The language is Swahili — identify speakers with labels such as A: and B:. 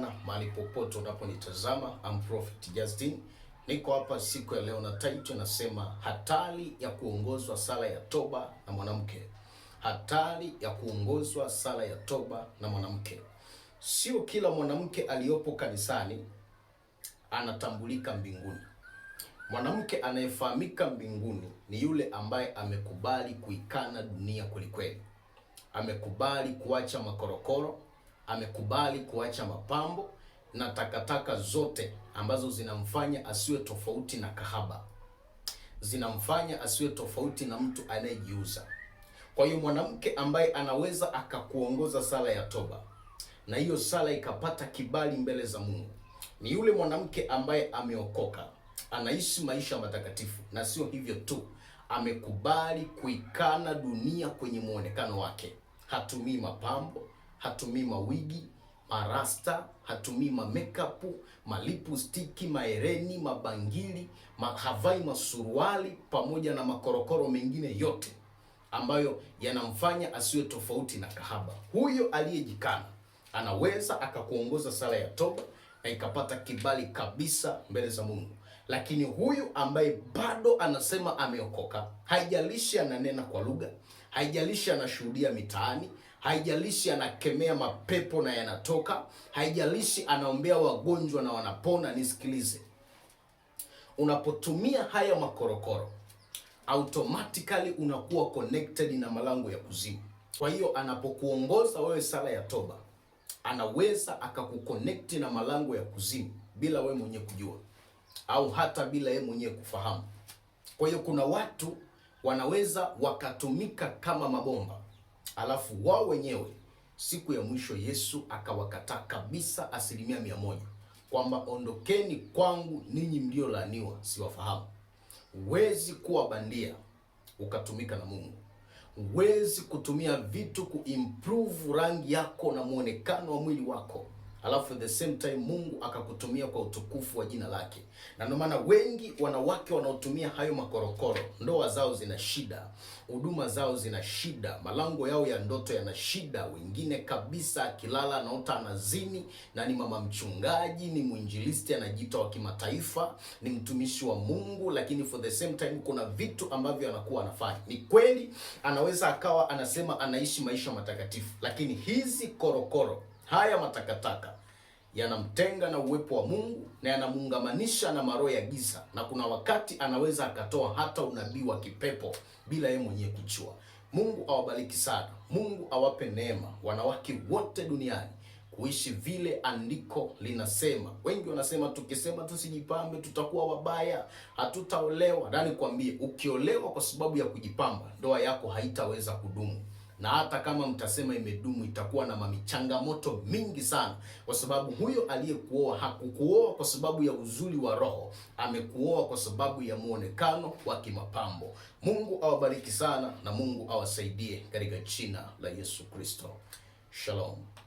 A: sana mahali popote unaponitazama. I'm Prophet Justin, niko hapa siku ya leo na title nasema hatari ya kuongozwa sala ya toba na mwanamke. Hatari ya kuongozwa sala ya toba na mwanamke. Sio kila mwanamke aliyopo kanisani anatambulika mbinguni. Mwanamke anayefahamika mbinguni ni yule ambaye amekubali kuikana dunia kwelikweli, amekubali kuacha makorokoro amekubali kuacha mapambo na takataka zote ambazo zinamfanya asiwe tofauti na kahaba, zinamfanya asiwe tofauti na mtu anayejiuza. Kwa hiyo mwanamke ambaye anaweza akakuongoza sala ya toba na hiyo sala ikapata kibali mbele za Mungu ni yule mwanamke ambaye ameokoka, anaishi maisha matakatifu, na sio hivyo tu, amekubali kuikana dunia kwenye muonekano wake, hatumii mapambo hatumii mawigi, marasta, hatumii makeup, stiki maereni, mabangili, mahavai, masuruali pamoja na makorokoro mengine yote ambayo yanamfanya asiwe tofauti na kahaba. Huyo aliyejikana anaweza akakuongoza sala ya toba na ikapata kibali kabisa mbele za Mungu. Lakini huyu ambaye bado anasema ameokoka, haijalishi ananena kwa lugha, haijalishi anashuhudia mitaani Haijalishi anakemea mapepo na yanatoka, haijalishi anaombea wagonjwa na wanapona. Nisikilize, unapotumia haya makorokoro automatically unakuwa connected na malango ya kuzimu. Kwa hiyo anapokuongoza wewe sala ya toba, anaweza akakukonekti na malango ya kuzimu bila wewe mwenyewe kujua, au hata bila yeye mwenyewe kufahamu. Kwa hiyo kuna watu wanaweza wakatumika kama mabomba alafu wao wenyewe siku ya mwisho Yesu akawakataa kabisa asilimia mia moja kwamba ondokeni kwangu ninyi mliolaaniwa, siwafahamu. Huwezi kuwa bandia ukatumika na Mungu. Huwezi kutumia vitu kuimprove rangi yako na mwonekano wa mwili wako alafu the same time Mungu akakutumia kwa utukufu wa jina lake. Na ndio maana wengi wanawake wanaotumia hayo makorokoro, ndoa zao zina shida, huduma zao zina shida, malango yao ya ndoto yana shida. Wengine kabisa akilala anaota anazini, na ni mama mchungaji, ni mwinjilisti, anajiita wa kimataifa, ni mtumishi wa Mungu, lakini for the same time kuna vitu ambavyo anakuwa anafanya. Ni kweli anaweza akawa anasema anaishi maisha matakatifu, lakini hizi korokoro Haya matakataka yanamtenga na uwepo wa Mungu na yanamuungamanisha na maroho ya giza, na kuna wakati anaweza akatoa hata unabii wa kipepo bila yeye mwenyewe kujua. Mungu awabariki sana, Mungu awape neema wanawake wote duniani kuishi vile andiko linasema. Wengi wanasema tukisema tusijipambe tutakuwa wabaya, hatutaolewa. Nani kwambie, ukiolewa kwa sababu ya kujipamba, ndoa yako haitaweza kudumu na hata kama mtasema imedumu, itakuwa na michangamoto mingi sana, kwa sababu huyo aliyekuoa hakukuoa kwa sababu ya uzuri wa roho, amekuoa kwa sababu ya muonekano wa kimapambo. Mungu awabariki sana na Mungu awasaidie katika jina la Yesu Kristo. Shalom.